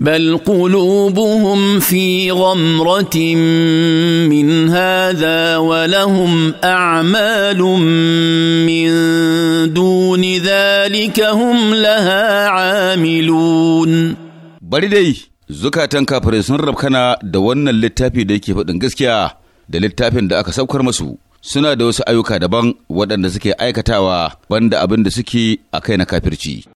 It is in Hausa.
بل قلوبهم في غمرة من هذا ولهم أعمال من دون ذلك هم لها عاملون bari dai zukatan kafirai sun rabkana da wannan littafi da yake faɗin gaskiya da littafin da aka saukar masu suna da wasu ayyuka daban waɗanda suke aikatawa banda abin da suke a kai na kafirci